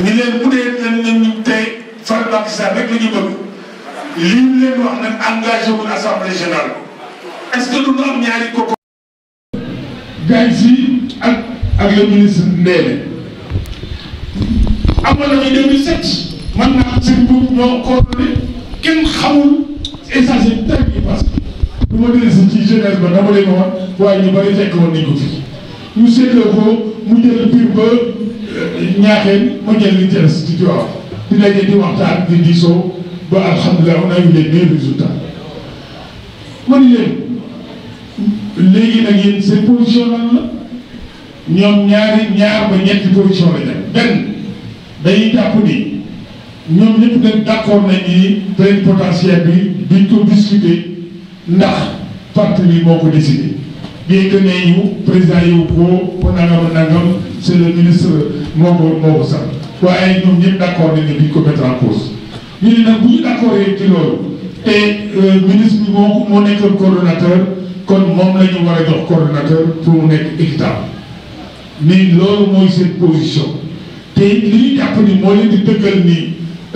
ñi leen bu dee nañ nañ far Macky Sall rek la ñu bëgg leen wax nag engagé wul assemblée générale est-ce que du ñu am ñaari kooku. gars yi ak ak le ministre Ndeye amoon na ñu 2007 man naa seen bopp ñoo coordonné kenn xamul échange bi tey jii parce que lu ma dérés ci ba dama leen wax waaye ñu bëri fekk woon nañ ko fi ñu seetloo ko mu jël biir ba. ñaaxeen mu jël li jëles di jox di daje di waxtaan di diisoo ba alhamdulilah on a eu les meilleurs résultats ma ni leen léegi nag yéen seen position ñoom ñaari ñaar ba ñetti position la nag benn dañuy jàpp ni ñoom ñëpp dañ d'accord nañ bi duñ ko ndax parti bi ko décidé bien que nee président yow ko ko nangam nangam c'est le ministre moo ko moo ko sax waaye ñoom ñëpp d'accord nañ ne ko mettre en cause ñu bu ñu d'accord ci loolu te euh, ministre moo moo nekkoon kon moom la ñu war a jox coordonnateur pour mu nekk équitable mais loolu mooy seen position te li ñu moo leen di dëggal ni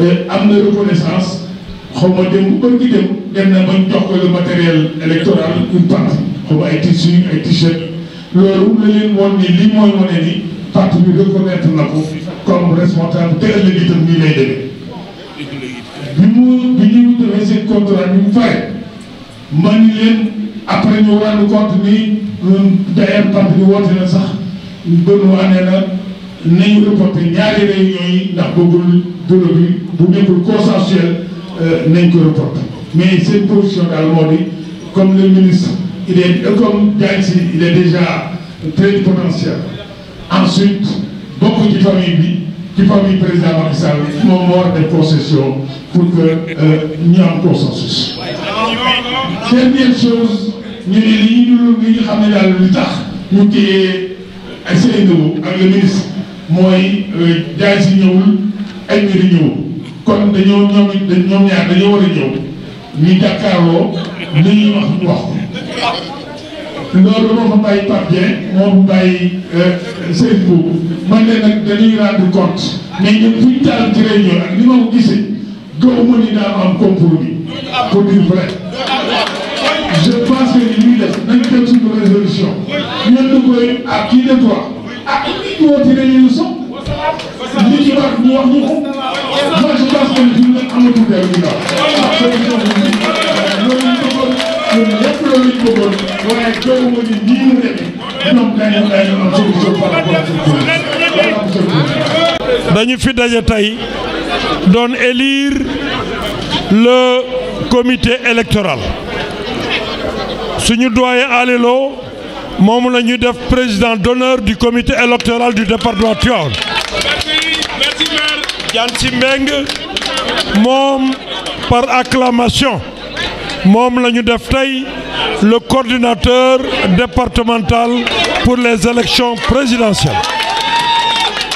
euh, am na reconnaissance xaw ma dem bu bëri dem dem na ba ñu jox ko le matériel électoral une partie xaw ma ay loolu la leen woon ni lii mooy wane ni parti bi reconnaître na ko comme responsable te ëllëg itam nii lay demee. bi mu bi ñu defee seen contrat bi mu fay ma ni leen après ñu rendu compte ni d'ailleurs parti bi woote na sax gënu année la. nañu reporté ñaari réunions yi ndax bëggul bureau bi bu nekkul consensuel euh, nañ ko mais seen position daal moo di comme le ministre il est, euh, comme Diancy, il est déjà très potentiel. Ensuite, beaucoup de familles, de familles président Macky Sall, font mort des concessions pour que euh, nous ayons consensus. Dernière chose, ñu ne lii ñu li ñu xam ne tax ñu téye ak Seydou ak le ministre mooy jaay euh, si ñëwul ay mbir ñëw kon dañoo ñoom ñaar dañoo war a ñëw ñu jàkkaarloo li ñuy loolu moo fa bàyyi Pape Dieng moo fa bàyyi euh, Seydou Mbow man de nag dañuy rendre compte mais ñun fu ñu taal ci réunion ak ni ma ko gisee gaw ma ni daa am compromis pour dire vrai je pense que ni ñuy def nañ def suñu résolution ñun ñu koy ak kii de toi ak ñu woote résolution li ci wax ñu wax ñu ko moi je pense que ni fi mu ne amatul dara ñu daal. dañu fi daje tey doon élire le comité électoral suñu doyen Alilo moom la ñu def président d'honneur du comité électoral du département Tivaouane. Dianthi Mbengue moom par acclamation. moom la ñu def tey le coordinateur départemental pour les élections présidentielles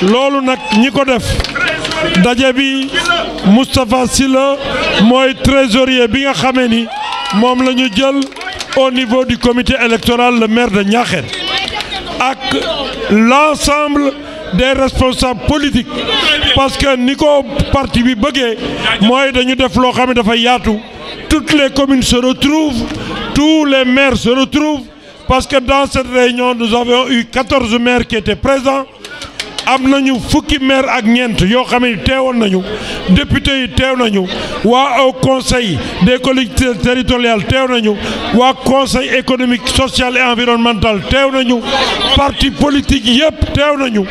loolu nag ñi ko def daje bi Moustapha Sylla mooy trésorier bi nga xamee ni moom la ñu jël au niveau du comité électoral le maire de Niakhène ak l'ensemble des responsables politiques parce que ni ko parti bi bëggee mooy dañu def loo xam ne dafa yaatu toutes les communes se retrouvent, tous les maires se retrouvent, parce que dans cette réunion, nous avions eu 14 maires qui étaient présents. am nañu fukki maire ak ñeent yoo xam ne teewoon nañu député yi teew nañu waa au conseil des collectivités territoriales teew nañu waa conseil économique social et environnemental teew nañu parti politique yëpp teew nañu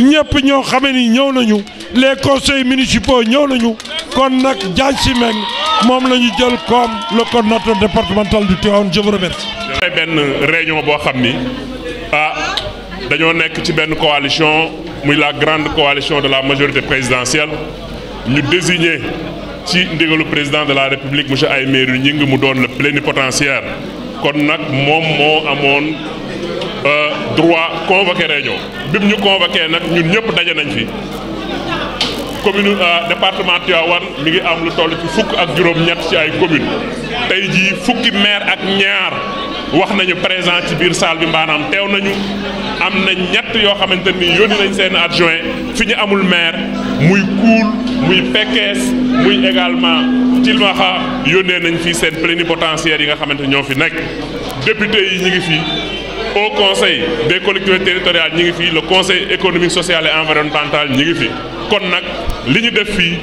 ñëpp ñoo xam ne ñëw nañu les conseils municipaux ñëw nañu kon nag Diagne Simeng moom la ñu jël comme le coordonnateur départemental du Tivaouane je vous remercie. dafay benn région boo xam ni ah dañoo nekk ci benn coalition muy la grande coalition de la majorité présidentielle ñu désigné ci ndigalu président de la république mu ay monsieur Aymérou Gningue mu doon le plénipotentiaire kon nag moom moo amoon. Euh, droit convoqué réunion bi mu ñu convoqué nag ñun ñëpp daje nañ fi commune euh, département Tivaouane mi ngi am lu toll ci fukk ak juróom-ñett ci ay commune tey jii fukki maire ak ñaar wax nañu présent ci biir saal bi maanaam teew nañu am na ñett yoo xamante ni yónni nañ seen adjoint fi ñu amul maire muy Koul muy Pekes muy également Tilmaxa yónnee nañ fi seen plénipotentiaire yi nga xamante ñoo fi nekk député yi ñu ngi fi. au conseil des collectivités territoriales ñi ngi fi le conseil économique social et environnemental ngi fi kon nag li ñu def fii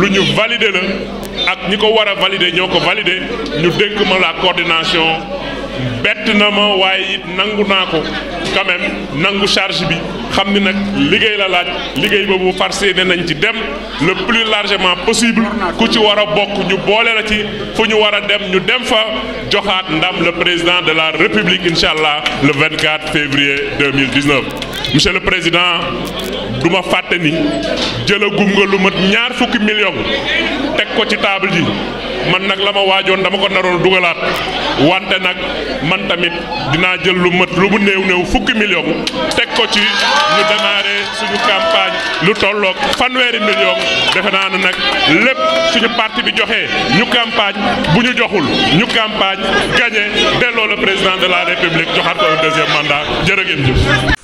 lu ñu validé la ak ñi ko war a validé ñoo ko validé ñu dénk ma la coordination bett na ma waaye it nangu naa ko quand nangu charge bi xam ni nag liggéey la laaj liggéey boobu farse ne nañ ci dem le plus largement possible ku ci war a bokk ñu boole la ci fu ñu war a dem ñu dem fa joxaat ndam le président de la république incha allah le 24 février 2019 monsieur le président du ma fàtte ni jëlagum nga lu mat ñaar fukki million teg ko ci taabal ji man nag la ma waajoon dama ko naroon dugalaat wante nag man tamit dinaa jël lu mat lu mu néew néew fukki million teg ko ci ñu démarré suñu campagne lu tolloog fanweeri million defe naa ne nag lépp suñu parti bi joxee ñu campagne bu ñu joxul ñu campagne gagné delloo la président de la république joxaat ko deuxième mandat jërë ngeen